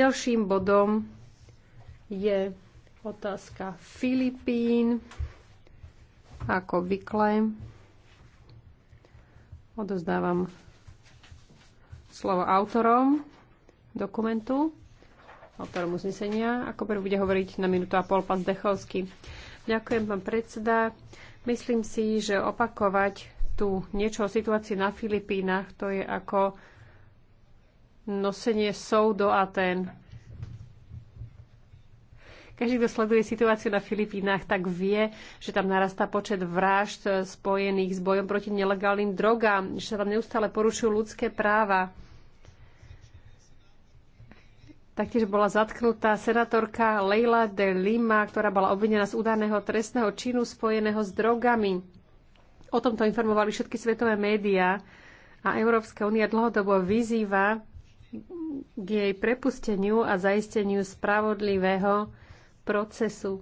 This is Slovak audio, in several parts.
Ďalším bodom je otázka Filipín. Ako vykle odozdávam slovo autorom dokumentu, autorom uznesenia. Ako prvý bude hovoriť na minútu a pol pán Zdechovský. Ďakujem, pán predseda. Myslím si, že opakovať tu niečo o situácii na Filipínach, to je ako nosenie sov do Atén. Každý, kto sleduje situáciu na Filipínach, tak vie, že tam narastá počet vražd spojených s bojom proti nelegálnym drogám, že sa tam neustále porušujú ľudské práva. Taktiež bola zatknutá senatorka Leila de Lima, ktorá bola obvinená z údajného trestného činu spojeného s drogami. O tomto informovali všetky svetové médiá a Európska únia dlhodobo vyzýva k jej prepusteniu a zaisteniu spravodlivého procesu.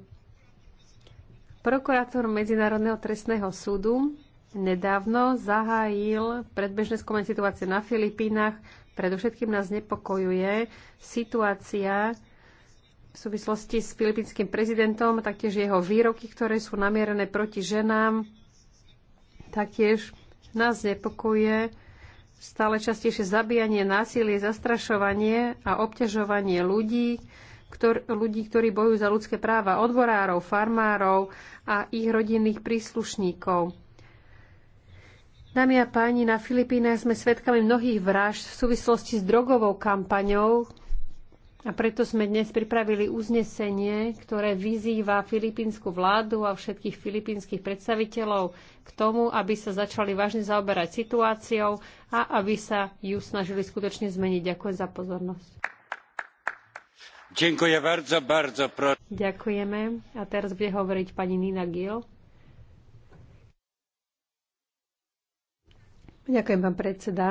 Prokurátor Medzinárodného trestného súdu nedávno zahájil predbežné skúmanie situácie na Filipínach. Predovšetkým nás nepokojuje situácia v súvislosti s filipínskym prezidentom, taktiež jeho výroky, ktoré sú namierené proti ženám. Taktiež nás nepokojuje stále častejšie zabíjanie, násilie, zastrašovanie a obťažovanie ľudí, ktor- ľudí, ktorí bojujú za ľudské práva, odborárov, farmárov a ich rodinných príslušníkov. Dámy a páni, na Filipínach sme svedkami mnohých vražd v súvislosti s drogovou kampaňou, a preto sme dnes pripravili uznesenie, ktoré vyzýva filipínsku vládu a všetkých filipínskych predstaviteľov k tomu, aby sa začali vážne zaoberať situáciou a aby sa ju snažili skutočne zmeniť. Ďakujem za pozornosť. Ďakujem bardzo, bardzo, pro... Ďakujeme. A teraz bude hovoriť pani Nina Gill. Ďakujem, pán predseda.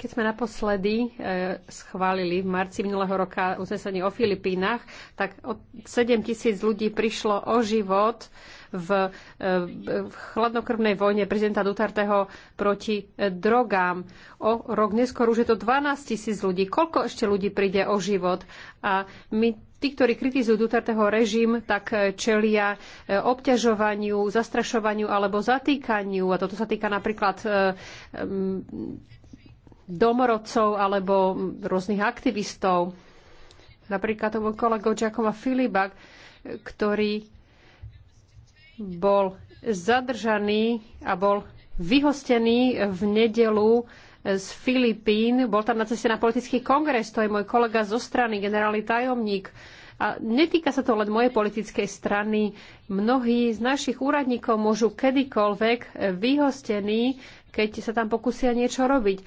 Keď sme naposledy e, schválili v marci minulého roka uznesenie o Filipínach, tak od 7 tisíc ľudí prišlo o život v, e, v chladnokrvnej vojne prezidenta Dutarteho proti e, drogám. O rok neskôr už je to 12 tisíc ľudí. Koľko ešte ľudí príde o život? A my tí, ktorí kritizujú Duterteho režim, tak eh, čelia eh, obťažovaniu, zastrašovaniu alebo zatýkaniu. A toto sa týka napríklad eh, mm, domorodcov alebo mm, rôznych aktivistov. Napríklad to bol kolego Giacomo Filiba, ktorý bol zadržaný a bol vyhostený v nedelu z Filipín. Bol tam na ceste na politický kongres, to je môj kolega zo strany, generálny tajomník. A netýka sa to len mojej politickej strany. Mnohí z našich úradníkov môžu kedykoľvek vyhostení, keď sa tam pokusia niečo robiť.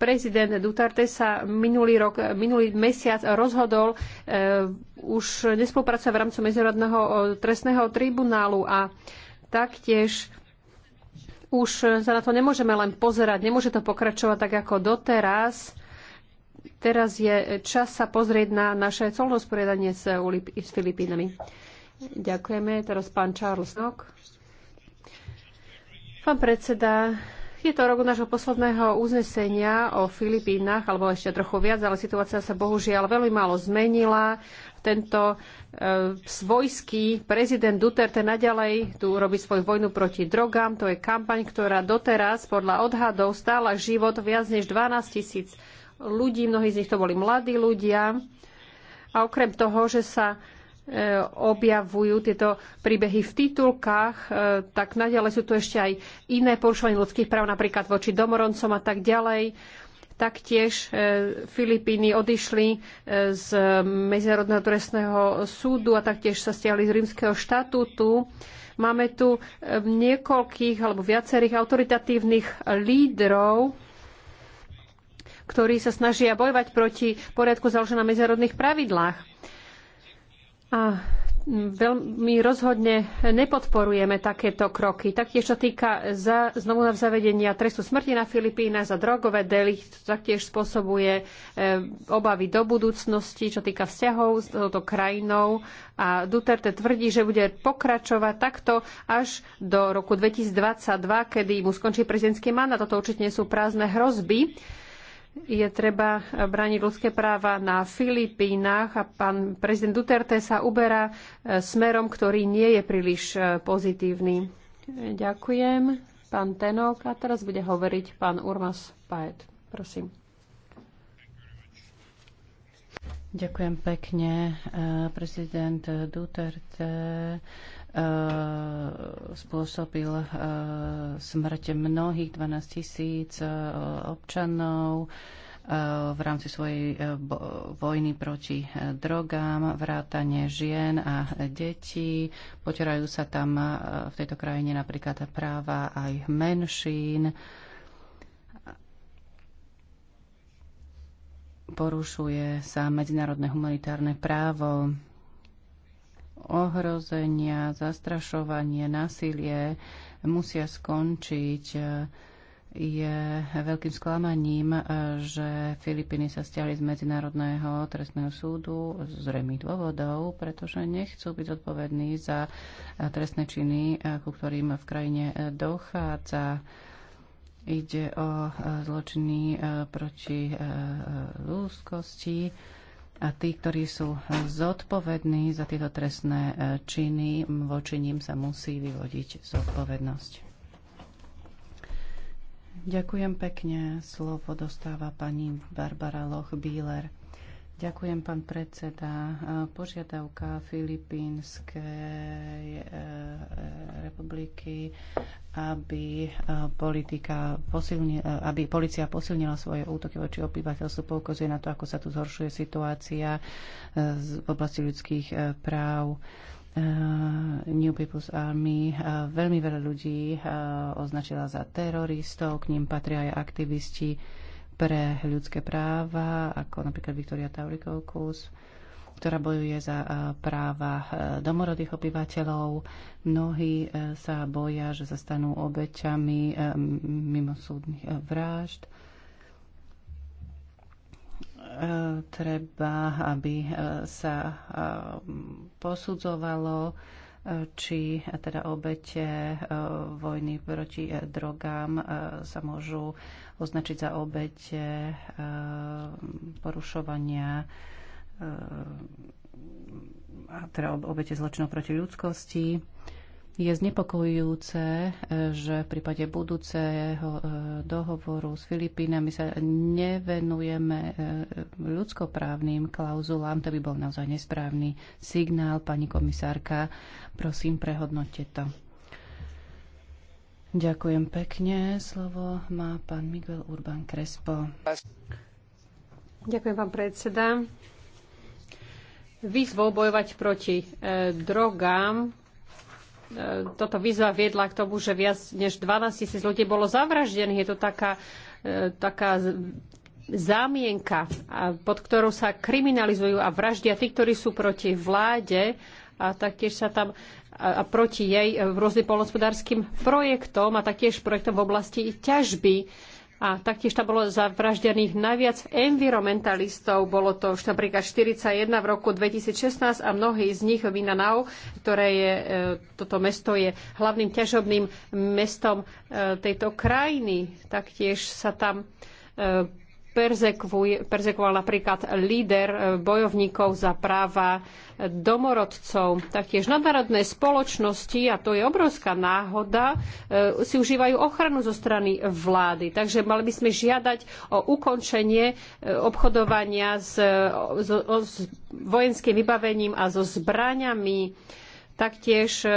Prezident Duterte sa minulý, rok, minulý mesiac rozhodol e, už nespolupracovať v rámci Medzinárodného eh, trestného tribunálu a taktiež už sa na to nemôžeme len pozerať, nemôže to pokračovať tak ako doteraz. Teraz je čas sa pozrieť na naše colné sporiadanie s, s Filipínami. Ďakujeme. Teraz pán Charles Nock. Pán predseda, je to rok nášho posledného uznesenia o Filipínach, alebo ešte trochu viac, ale situácia sa bohužiaľ veľmi málo zmenila tento e, svojský prezident Duterte naďalej tu robí svoju vojnu proti drogám. To je kampaň, ktorá doteraz podľa odhadov stála život viac než 12 tisíc ľudí. Mnohí z nich to boli mladí ľudia. A okrem toho, že sa e, objavujú tieto príbehy v titulkách, e, tak naďalej sú tu ešte aj iné porušovanie ľudských práv, napríklad voči domoroncom a tak ďalej. Taktiež e, Filipíny odišli e, z Medzinárodného trestného súdu a taktiež sa stiahli z rímskeho štatútu. Máme tu e, niekoľkých alebo viacerých autoritatívnych lídrov, ktorí sa snažia bojovať proti poriadku založenom na medzinárodných pravidlách. A veľmi rozhodne nepodporujeme takéto kroky. Taktiež sa týka za, znovu zavedenia trestu smrti na Filipínach za drogové delikt, taktiež spôsobuje e, obavy do budúcnosti, čo týka vzťahov s touto krajinou. A Duterte tvrdí, že bude pokračovať takto až do roku 2022, kedy mu skončí prezidentský mandát. Toto určite nie sú prázdne hrozby je treba brániť ľudské práva na Filipínach a pán prezident Duterte sa uberá e, smerom, ktorý nie je príliš e, pozitívny. Ďakujem, pán Tenok. A teraz bude hovoriť pán Urmas Paet. Prosím. Ďakujem pekne. Eh, prezident Duterte eh, spôsobil eh, smrť mnohých 12 tisíc občanov v rámci svojej vojny proti drogám, vrátanie žien a detí. Potierajú sa tam v tejto krajine napríklad práva aj menšín porušuje sa medzinárodné humanitárne právo, ohrozenia, zastrašovanie, násilie musia skončiť. Je veľkým sklamaním, že Filipíny sa stiahli z Medzinárodného trestného súdu z zrejmých dôvodov, pretože nechcú byť zodpovední za trestné činy, ku ktorým v krajine dochádza. Ide o e, zločiny e, proti e, ľudskosti a tí, ktorí sú zodpovední za tieto trestné činy, voči ním sa musí vyvodiť zodpovednosť. Ďakujem pekne. Slovo dostáva pani Barbara Loch-Bieler. Ďakujem, pán predseda. Požiadavka Filipínskej e, republiky, aby, e, politika posilni, e, aby policia posilnila svoje útoky voči obyvateľstvu, poukazuje na to, ako sa tu zhoršuje situácia v oblasti ľudských práv. New People's Army. Veľmi veľa ľudí označila za teroristov, k ním patria aj aktivisti pre ľudské práva, ako napríklad Viktoria Taurikovkus, ktorá bojuje za e, práva e, domorodých obyvateľov. Mnohí e, sa boja, že sa stanú obeťami mimosúdnych vražd. Treba, aby sa posudzovalo či teda obete e, vojny proti e, drogám e, sa môžu označiť za obete porušovania teda obete zločinov proti ľudskosti. Je znepokojujúce, e, že v prípade budúceho e, dohovoru s Filipínami sa nevenujeme e, ľudskoprávnym klauzulám. To by bol naozaj nesprávny signál. Pani komisárka, prosím, prehodnote to. Ďakujem pekne. Slovo má pán Miguel Urban Crespo. Ďakujem, pán predseda. Výzvou bojovať proti e, drogám E, toto výzva viedla k tomu, že viac než 12 tisíc ľudí bolo zavraždených. Je to taká, e, taká zámienka, pod ktorou sa kriminalizujú a vraždia tí, ktorí sú proti vláde a taktiež sa tam a proti jej e, rôznym polnospodárským projektom a taktiež projektom v oblasti ťažby a taktiež tam bolo zavraždených najviac environmentalistov. Bolo to už napríklad 41 v roku 2016 a mnohí z nich v Inanau, ktoré je, e, toto mesto je hlavným ťažobným mestom e, tejto krajiny. Taktiež sa tam e, perzekvoval napríklad líder e, bojovníkov za práva domorodcov. Taktiež nadnárodné spoločnosti, a to je obrovská náhoda, e, si užívajú ochranu zo strany vlády. Takže mali by sme žiadať o ukončenie e, obchodovania s, s, s vojenským vybavením a so zbraňami Taktiež e,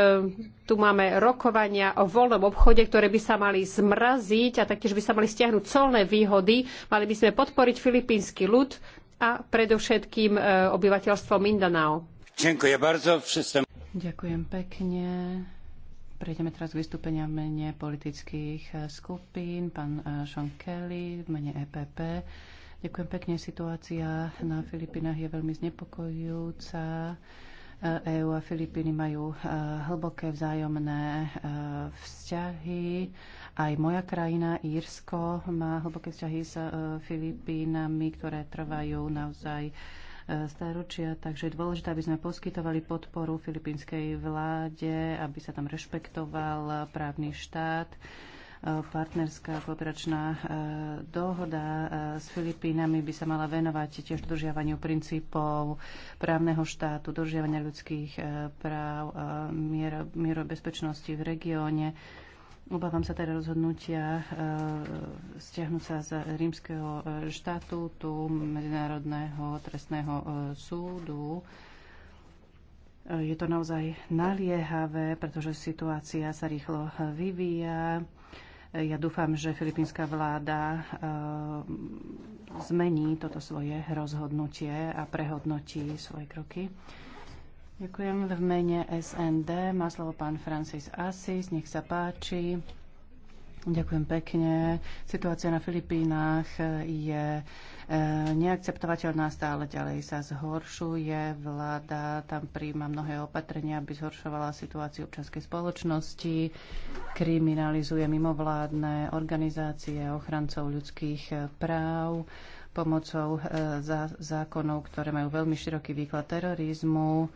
tu máme rokovania o voľnom obchode, ktoré by sa mali zmraziť a taktiež by sa mali stiahnuť colné výhody. Mali by sme podporiť filipínsky ľud a predovšetkým e, obyvateľstvo Mindanao. Ďakujem pekne. Prejdeme teraz k vystúpeniam v mene politických e, skupín. Pán Sean Kelly v mene EPP. Ďakujem pekne. Situácia na Filipinách je veľmi znepokojujúca EÚ e a Filipíny majú e, hlboké vzájomné e, vzťahy. Aj moja krajina, Írsko, má hlboké vzťahy s Filipínami, ktoré trvajú naozaj staročia, takže je dôležité, aby sme poskytovali podporu filipínskej vláde, aby sa tam rešpektoval právny štát partnerská kooperačná e, dohoda e, s Filipínami by sa mala venovať tiež dodržiavaniu princípov právneho štátu, dodržiavania ľudských e, práv, mier, mieru bezpečnosti v regióne. Obávam sa teda rozhodnutia stiahnuť sa z rímskeho štatútu Medzinárodného trestného súdu. Je to naozaj naliehavé, pretože situácia sa rýchlo vyvíja ja dúfam, že filipínska vláda eh, zmení toto svoje rozhodnutie a prehodnotí svoje kroky. Ďakujem. V mene SND má slovo pán Francis Assis. Nech sa páči. Ďakujem pekne. Situácia na Filipínach je e, neakceptovateľná, stále ďalej sa zhoršuje. Vláda tam príjma mnohé opatrenia, aby zhoršovala situáciu občanskej spoločnosti, kriminalizuje mimovládne organizácie ochrancov ľudských e, práv pomocou e, zákonov, ktoré majú veľmi široký výklad terorizmu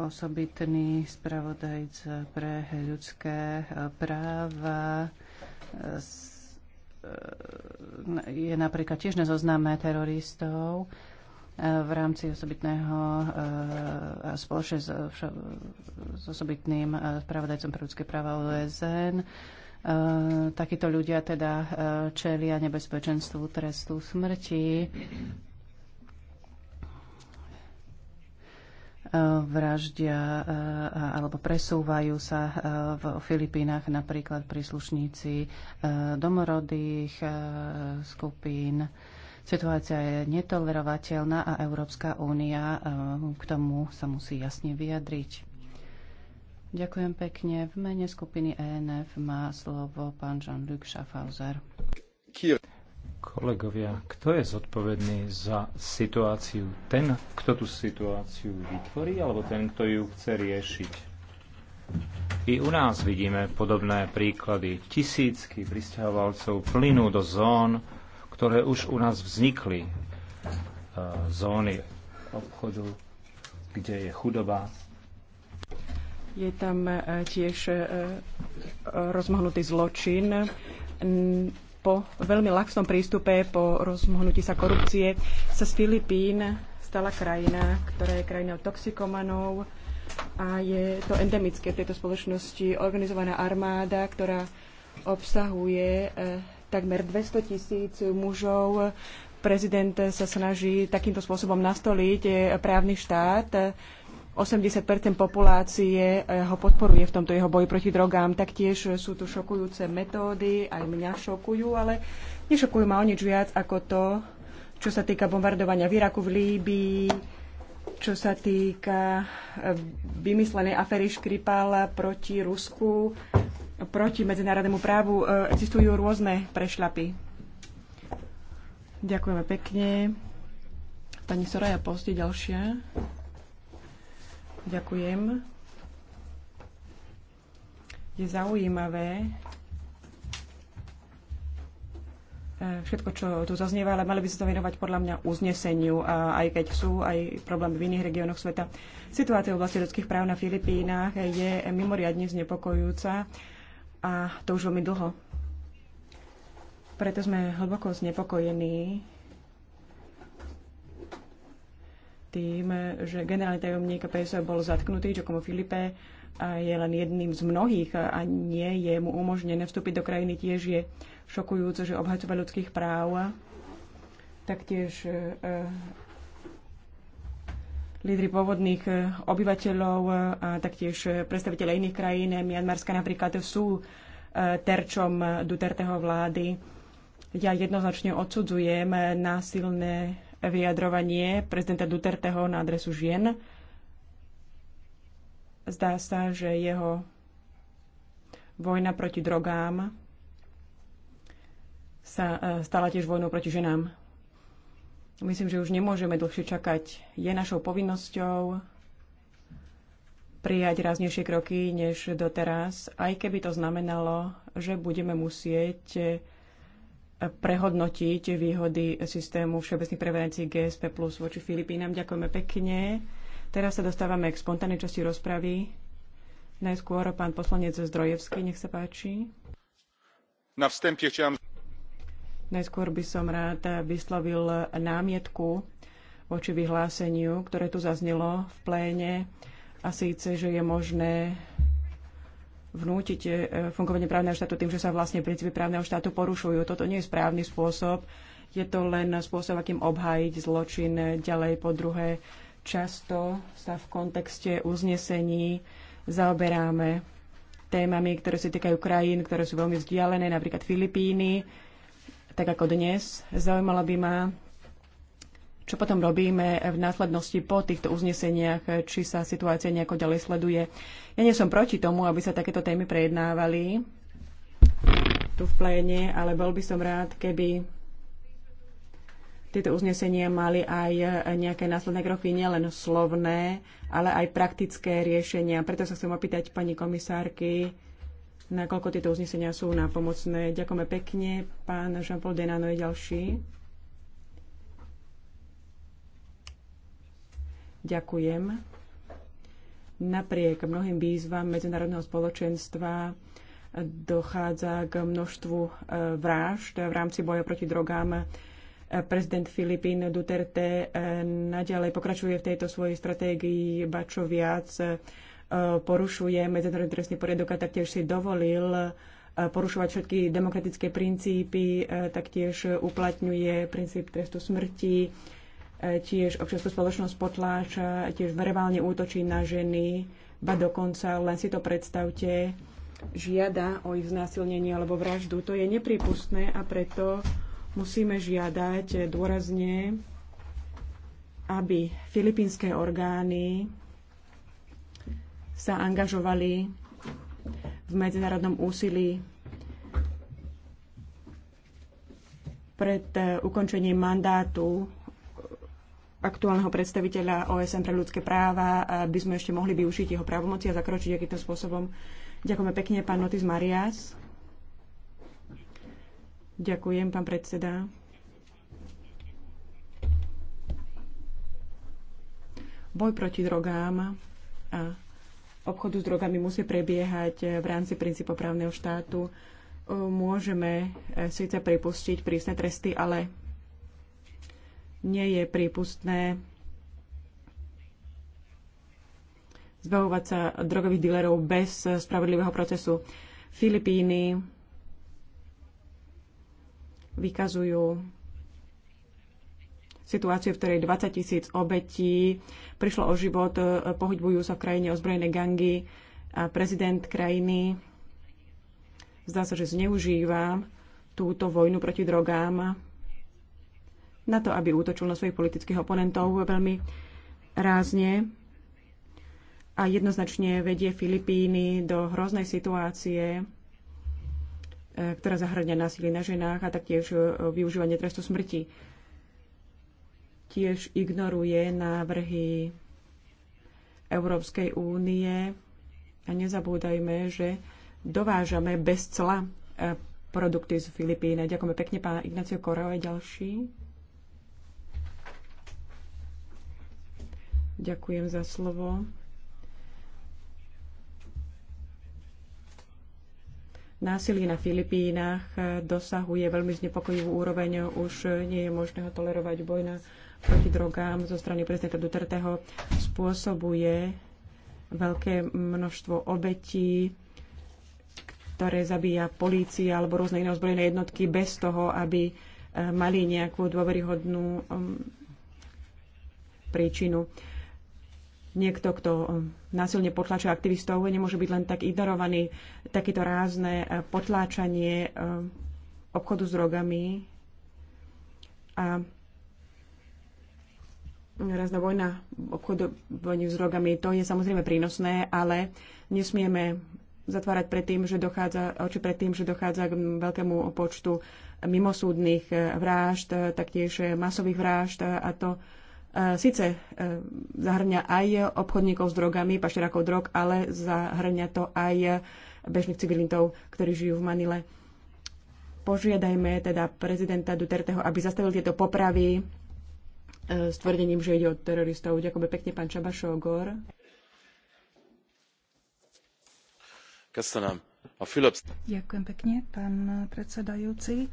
osobitný spravodajca pre ľudské eh, práva eh, je napríklad tiež na zozname teroristov eh, v rámci osobitného spoločne s, s osobitným spravodajcom pre ľudské práva OSN. Takíto ľudia teda čelia nebezpečenstvu trestu smrti vraždia eh, alebo presúvajú sa eh, v Filipínach napríklad príslušníci eh, domorodých skupín. Situácia je netolerovateľná a Európska únia k tomu sa musí jasne vyjadriť. Ďakujem pekne. V mene skupiny ENF má slovo pán Jean-Luc Schaffhauser. Kier. Kolegovia, kto je zodpovedný za situáciu? Ten, kto tú situáciu vytvorí, alebo ten, kto ju chce riešiť? I u nás vidíme podobné príklady. Tisícky pristahovalcov plynú do zón, ktoré už u nás vznikli. E, zóny obchodu, kde je chudoba, je tam e, tiež e, rozmahnutý zločin po veľmi laxnom prístupe, po rozmohnutí sa korupcie, sa z Filipín stala krajina, ktorá je krajinou toxikomanov a je to endemické v tejto spoločnosti organizovaná armáda, ktorá obsahuje eh, takmer 200 tisíc mužov. Prezident sa snaží takýmto spôsobom nastoliť eh, právny štát 80 populácie eh, ho podporuje v tomto jeho boji proti drogám. Taktiež eh, sú tu šokujúce metódy, aj mňa šokujú, ale nešokujú ma o nič viac ako to, čo sa týka bombardovania v Iraku, v Líbii, čo sa týka eh, vymyslenej afery Škripala proti Rusku, proti medzinárodnému právu. Existujú rôzne prešľapy. Ďakujeme pekne. Pani Soraya Posti, ďalšia. Ďakujem. Je zaujímavé e, všetko, čo tu zaznieva, ale mali by sa to venovať podľa mňa uzneseniu, a aj keď sú aj problémy v iných regiónoch sveta. Situácia v oblasti ľudských práv na Filipínach je mimoriadne znepokojujúca a to už veľmi dlho. Preto sme hlboko znepokojení tým, že generálny tajomník PSO bol zatknutý, Giacomo Filipe je len jedným z mnohých a nie je mu umožnené vstúpiť do krajiny. Tiež je šokujúce, že obhajcovia ľudských práv taktiež e, e, lídry pôvodných e, obyvateľov a taktiež predstaviteľe iných krajín, Mianmarska napríklad, sú terčom Duterteho vlády. Ja jednoznačne odsudzujem násilné vyjadrovanie prezidenta Duterteho na adresu žien. Zdá sa, že jeho vojna proti drogám sa e, stala tiež vojnou proti ženám. Myslím, že už nemôžeme dlhšie čakať. Je našou povinnosťou prijať ráznejšie kroky než doteraz, aj keby to znamenalo, že budeme musieť prehodnotiť výhody systému všeobecných prevencií GSP plus voči Filipínam. Ďakujeme pekne. Teraz sa dostávame k spontánnej časti rozpravy. Najskôr pán poslanec Zdrojevský, nech sa páči. Na vstępie chciałem... Najskôr by som rád vyslovil námietku voči vyhláseniu, ktoré tu zaznelo v pléne, a síce, že je možné vnútiť e, fungovanie právneho štátu tým, že sa vlastne princípy právneho štátu porušujú. Toto nie je správny spôsob. Je to len spôsob, akým obhájiť zločin ďalej. Po druhé, často sa v kontexte uznesení zaoberáme témami, ktoré sa týkajú krajín, ktoré sú veľmi vzdialené, napríklad Filipíny, tak ako dnes. Zaujímalo by ma, čo potom robíme v následnosti po týchto uzneseniach, či sa situácia nejako ďalej sleduje. Ja nie som proti tomu, aby sa takéto témy prejednávali tu v pléne, ale bol by som rád, keby tieto uznesenia mali aj nejaké následné kroky, nielen slovné, ale aj praktické riešenia. Preto sa chcem opýtať pani komisárky, nakoľko tieto uznesenia sú nápomocné. pomocné. Ďakujeme pekne. Pán Jean-Paul Denano je ďalší. Ďakujem. Napriek mnohým výzvam medzinárodného spoločenstva dochádza k množstvu e, vražd v rámci boja proti drogám. E, prezident Filipín Duterte e, naďalej pokračuje v tejto svojej stratégii, ba čo viac porušuje medzinárodný trestný poriadok a taktiež si dovolil porušovať všetky demokratické princípy, taktiež uplatňuje princíp trestu smrti tiež občiansku spoločnosť potláča, tiež verbálne útočí na ženy, ba dokonca, len si to predstavte, žiada o ich znásilnenie alebo vraždu. To je nepripustné a preto musíme žiadať dôrazne, aby filipínske orgány sa angažovali v medzinárodnom úsilí pred ukončením mandátu aktuálneho predstaviteľa OSN pre ľudské práva, by sme ešte mohli využiť jeho právomoci a zakročiť akýmto spôsobom. Ďakujeme pekne, pán Notis Marias. Ďakujem, pán predseda. Boj proti drogám a obchodu s drogami musí prebiehať v rámci princípov právneho štátu. Môžeme síce pripustiť prísne tresty, ale nie je prípustné zbavovať sa drogových dílerov bez spravodlivého procesu. Filipíny vykazujú situáciu, v ktorej 20 tisíc obetí prišlo o život, pohybujú sa v krajine ozbrojené gangy a prezident krajiny zdá sa, že zneužíva túto vojnu proti drogám na to, aby útočil na svojich politických oponentov veľmi rázne a jednoznačne vedie Filipíny do hroznej situácie, e, ktorá zahrania násilie na ženách a taktiež e, využívanie trestu smrti. Tiež ignoruje návrhy Európskej únie a nezabúdajme, že dovážame bez cla e, produkty z Filipíny. Ďakujeme pekne, pán Ignacio Koreo je ďalší. Ďakujem za slovo. Násilie na Filipínach eh, dosahuje veľmi znepokojivú úroveň. Už nie je možné ho tolerovať. Vojna proti drogám zo strany prezidenta Duterteho spôsobuje veľké množstvo obetí, ktoré zabíja polícia alebo rôzne iné ozbrojené jednotky bez toho, aby eh, mali nejakú dôveryhodnú mm, príčinu niekto, kto um, násilne potláča aktivistov, nemôže byť len tak ignorovaný. Takéto rázne eh, potláčanie eh, obchodu s drogami a rázna vojna vojny s drogami, to je samozrejme prínosné, ale nesmieme zatvárať pred tým, že dochádza, oči pred tým, že dochádza k veľkému počtu mimosúdnych eh, vražd, taktiež masových vražd a to Eh, síce eh, zahrňa aj obchodníkov s drogami, pašerákov drog, ale zahrňa to aj eh, bežných civilintov, ktorí žijú v Manile. Požiadajme teda prezidenta Duterteho, aby zastavil tieto popravy s tvrdením, že ide o teroristov. Ďakujem pekne, pán Čabašogor. Ďakujem pekne, pán predsedajúci.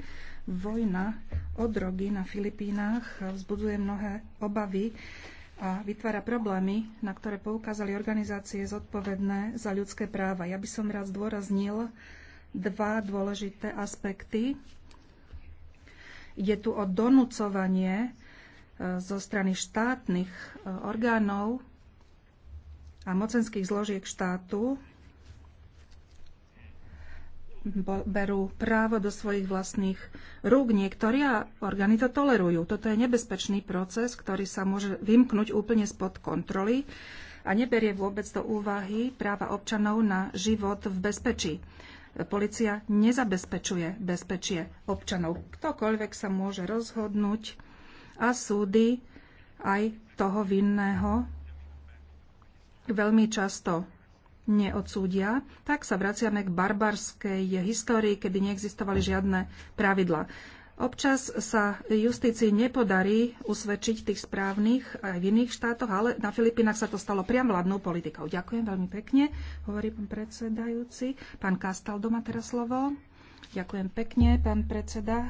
Vojna o drogy na Filipínach vzbudzuje mnohé obavy a vytvára problémy, na ktoré poukázali organizácie zodpovedné za ľudské práva. Ja by som rád zdôraznil dva dôležité aspekty. Ide tu o donúcovanie e, zo strany štátnych e, orgánov a mocenských zložiek štátu berú právo do svojich vlastných rúk Niektoria orgány to tolerujú. Toto je nebezpečný proces, ktorý sa môže vymknúť úplne spod kontroly a neberie vôbec do úvahy práva občanov na život v bezpečí. Polícia nezabezpečuje bezpečie občanov. Ktokoľvek sa môže rozhodnúť a súdy aj toho vinného veľmi často neodsúdia, tak sa vraciame k barbarskej histórii, kedy neexistovali žiadne pravidla. Občas sa justícii nepodarí usvedčiť tých správnych aj v iných štátoch, ale na Filipínach sa to stalo priam vládnou politikou. Ďakujem veľmi pekne, hovorí pán predsedajúci. Pán Kastal doma teraz slovo. Ďakujem pekne, pán predseda.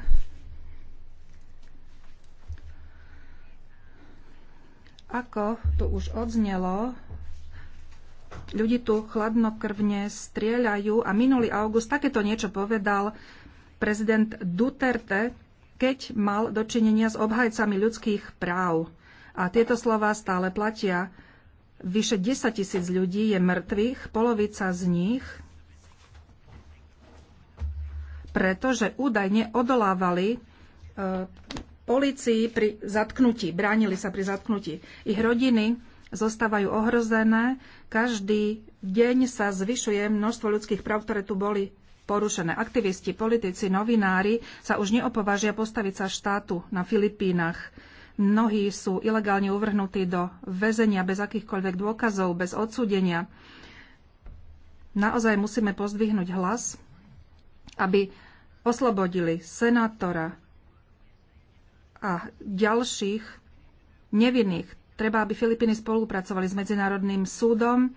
Ako to už odznelo, ľudí tu chladnokrvne strieľajú a minulý august takéto niečo povedal prezident Duterte, keď mal dočinenia s obhajcami ľudských práv. A tieto slova stále platia. Vyše 10 tisíc ľudí je mŕtvych, polovica z nich pretože údajne odolávali e, policii pri zatknutí, bránili sa pri zatknutí. Ich rodiny zostávajú ohrozené. Každý deň sa zvyšuje množstvo ľudských práv, ktoré tu boli porušené. Aktivisti, politici, novinári sa už neopovažia postaviť sa štátu na Filipínach. Mnohí sú ilegálne uvrhnutí do väzenia bez akýchkoľvek dôkazov, bez odsúdenia. Naozaj musíme pozdvihnúť hlas, aby oslobodili senátora a ďalších nevinných. Treba, aby Filipíny spolupracovali s Medzinárodným súdom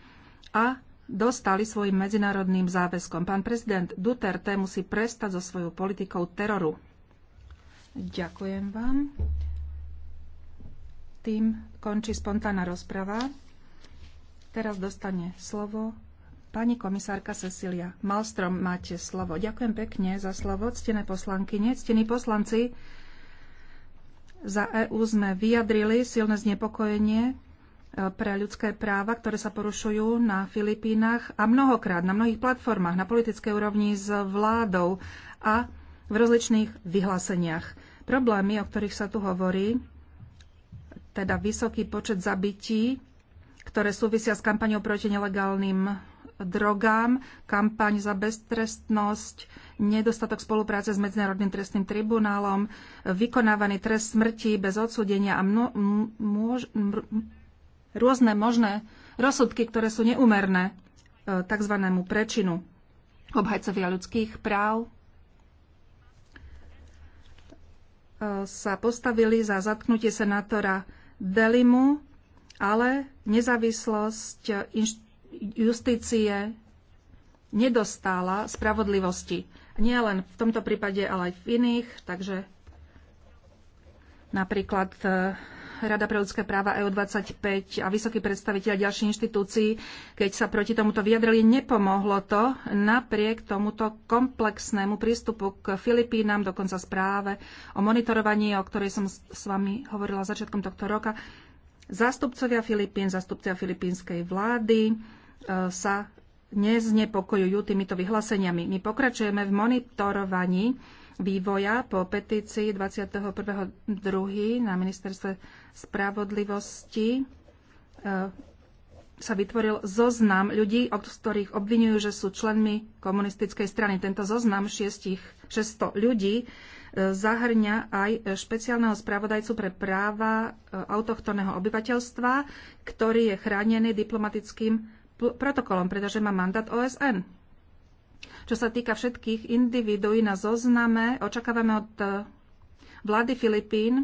a dostali svojim medzinárodným záväzkom. Pán prezident Duterte musí prestať so svojou politikou teroru. Ďakujem vám. Tým končí spontánna rozprava. Teraz dostane slovo pani komisárka Cecilia Malstrom. Máte slovo. Ďakujem pekne za slovo, ctené poslanky, nectení poslanci. Za EÚ sme vyjadrili silné znepokojenie e, pre ľudské práva, ktoré sa porušujú na Filipínach a mnohokrát na mnohých platformách, na politickej úrovni s vládou a v rozličných vyhláseniach. Problémy, o ktorých sa tu hovorí, teda vysoký počet zabití, ktoré súvisia s kampaňou proti nelegálnym drogám, kampaň za beztrestnosť, nedostatok spolupráce s Medzinárodným trestným tribunálom, vykonávaný trest smrti bez odsudenia a mno, môž, rôzne možné rozsudky, ktoré sú neumerné e, tzv. prečinu obhajcovia ľudských práv e, sa postavili za zatknutie senátora Delimu, ale nezávislosť inš- justície nedostála spravodlivosti. Nie len v tomto prípade, ale aj v iných. Takže napríklad e, Rada pre ľudské práva EU25 a vysoký predstaviteľ ďalších inštitúcií, keď sa proti tomuto vyjadrili, nepomohlo to napriek tomuto komplexnému prístupu k Filipínam, dokonca správe o monitorovaní, o ktorej som s vami hovorila začiatkom tohto roka. Zástupcovia Filipín, zástupcovia filipínskej vlády, E, sa neznepokojujú týmito vyhláseniami. My pokračujeme v monitorovaní vývoja po petícii 21.2. na ministerstve spravodlivosti e, sa vytvoril zoznam ľudí, od ktorých obvinujú, že sú členmi komunistickej strany. Tento zoznam 600 ľudí e, zahrňa aj špeciálneho spravodajcu pre práva autochtónneho obyvateľstva, ktorý je chránený diplomatickým protokolom, pretože má mandát OSN. Čo sa týka všetkých individuí na zozname, očakávame od eh, vlády Filipín,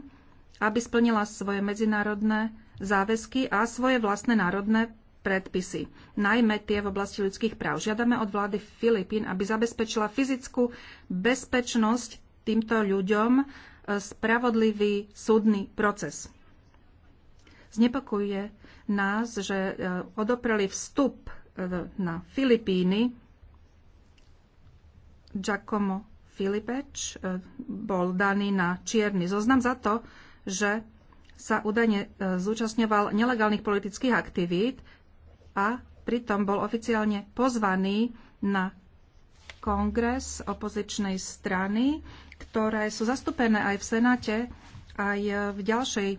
aby splnila svoje medzinárodné záväzky a svoje vlastné národné predpisy, najmä tie v oblasti ľudských práv. Žiadame od vlády Filipín, aby zabezpečila fyzickú bezpečnosť týmto ľuďom eh, spravodlivý súdny proces. Znepokojuje nás, že e, odopreli vstup e, na Filipíny. Giacomo Filipeč e, bol daný na čierny zoznam za to, že sa údajne zúčastňoval nelegálnych politických aktivít a pritom bol oficiálne pozvaný na kongres opozičnej strany, ktoré sú zastúpené aj v Senáte, aj v ďalšej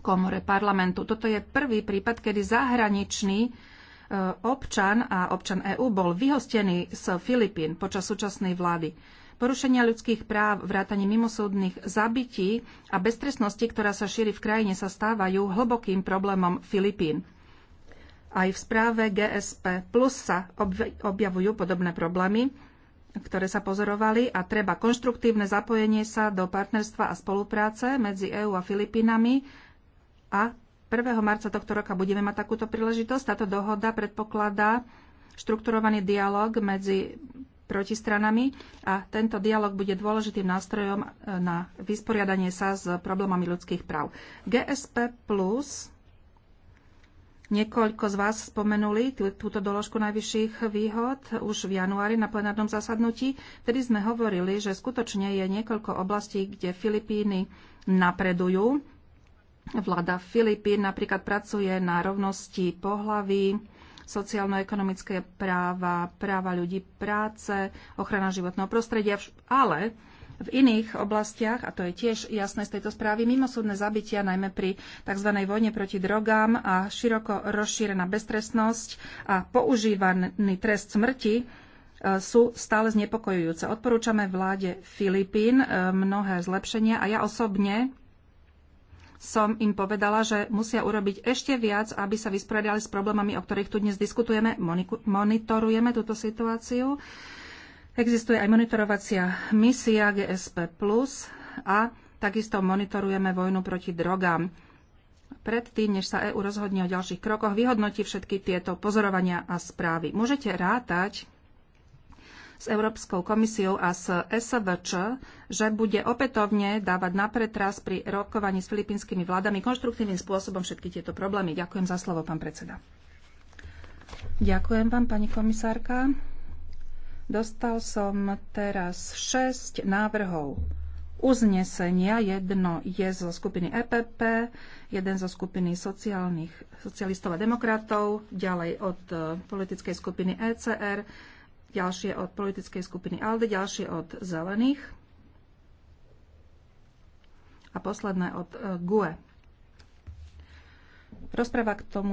komore parlamentu. Toto je prvý prípad, kedy zahraničný e, občan a občan EÚ bol vyhostený z Filipín počas súčasnej vlády. Porušenia ľudských práv, vrátanie mimosúdnych zabití a beztresnosti, ktorá sa šíri v krajine, sa stávajú hlbokým problémom Filipín. Aj v správe GSP Plus sa objavujú podobné problémy, ktoré sa pozorovali a treba konštruktívne zapojenie sa do partnerstva a spolupráce medzi EÚ a Filipínami a 1. marca tohto roka budeme mať takúto príležitosť. Táto dohoda predpokladá štrukturovaný dialog medzi protistranami a tento dialog bude dôležitým nástrojom e, na vysporiadanie sa s problémami ľudských práv. GSP plus Niekoľko z vás spomenuli túto doložku najvyšších výhod už v januári na plenárnom zasadnutí, vtedy sme hovorili, že skutočne je niekoľko oblastí, kde Filipíny napredujú Vláda Filipín napríklad pracuje na rovnosti pohlaví, sociálno-ekonomické práva, práva ľudí práce, ochrana životného prostredia, ale v iných oblastiach, a to je tiež jasné z tejto správy, mimosúdne zabitia, najmä pri tzv. vojne proti drogám a široko rozšírená beztrestnosť a používaný trest smrti e, sú stále znepokojujúce. Odporúčame vláde Filipín e, mnohé zlepšenia a ja osobne som im povedala, že musia urobiť ešte viac, aby sa vysporiadali s problémami, o ktorých tu dnes diskutujeme. Monitorujeme túto situáciu. Existuje aj monitorovacia misia GSP+, a takisto monitorujeme vojnu proti drogám. Predtým, než sa EÚ rozhodne o ďalších krokoch, vyhodnotí všetky tieto pozorovania a správy. Môžete rátať s Európskou komisiou a s SVČ, že bude opätovne dávať na pretras pri rokovaní s filipínskymi vládami konštruktívnym spôsobom všetky tieto problémy. Ďakujem za slovo, pán predseda. Ďakujem vám, pani komisárka. Dostal som teraz 6 návrhov uznesenia. Jedno je zo skupiny EPP, jeden zo skupiny sociálnych, socialistov a demokratov, ďalej od eh, politickej skupiny ECR, ďalšie od politickej skupiny ALDE, ďalšie od Zelených a posledné od eh, GUE. Rozpráva k tomu